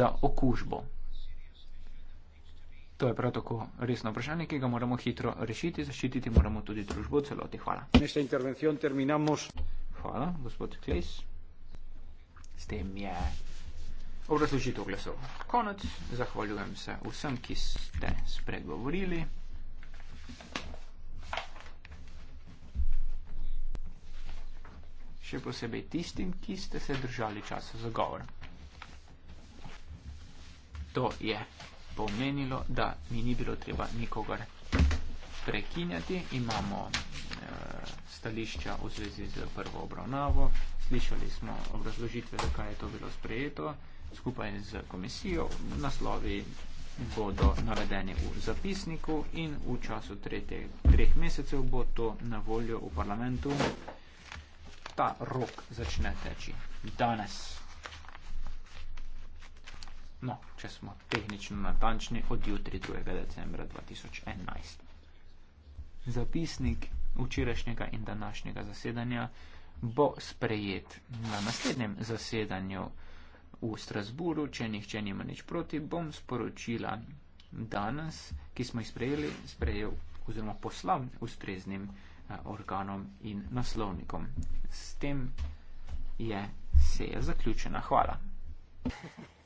za okužbo. To je prav tako resno vprašanje, ki ga moramo hitro rešiti, zaščititi moramo tudi družbo celoti. Hvala. Hvala, gospod Kles. S tem je obrazložitev glasov konec. Zahvaljujem se vsem, ki ste spregovorili. Še posebej tistim, ki ste se držali časa za govor. To je pomenilo, da mi ni bilo treba nikogar prekinjati. Imamo e, stališča v zvezi z prvo obravnavo, slišali smo obrazložitve, zakaj je to bilo sprejeto, skupaj z komisijo, naslovi bodo navedeni v zapisniku in v času tretje, treh mesecev bo to na voljo v parlamentu. Ta rok začne teči danes. No, če smo tehnično natančni, od jutri 2. decembra 2011. Zapisnik včerajšnjega in današnjega zasedanja bo sprejet na naslednjem zasedanju v Strasburu. Če nihče nima nič proti, bom sporočila danes, ki smo jih sprejeli, sprejel oziroma poslal ustreznim eh, organom in naslovnikom. S tem je seja zaključena. Hvala. Thank you.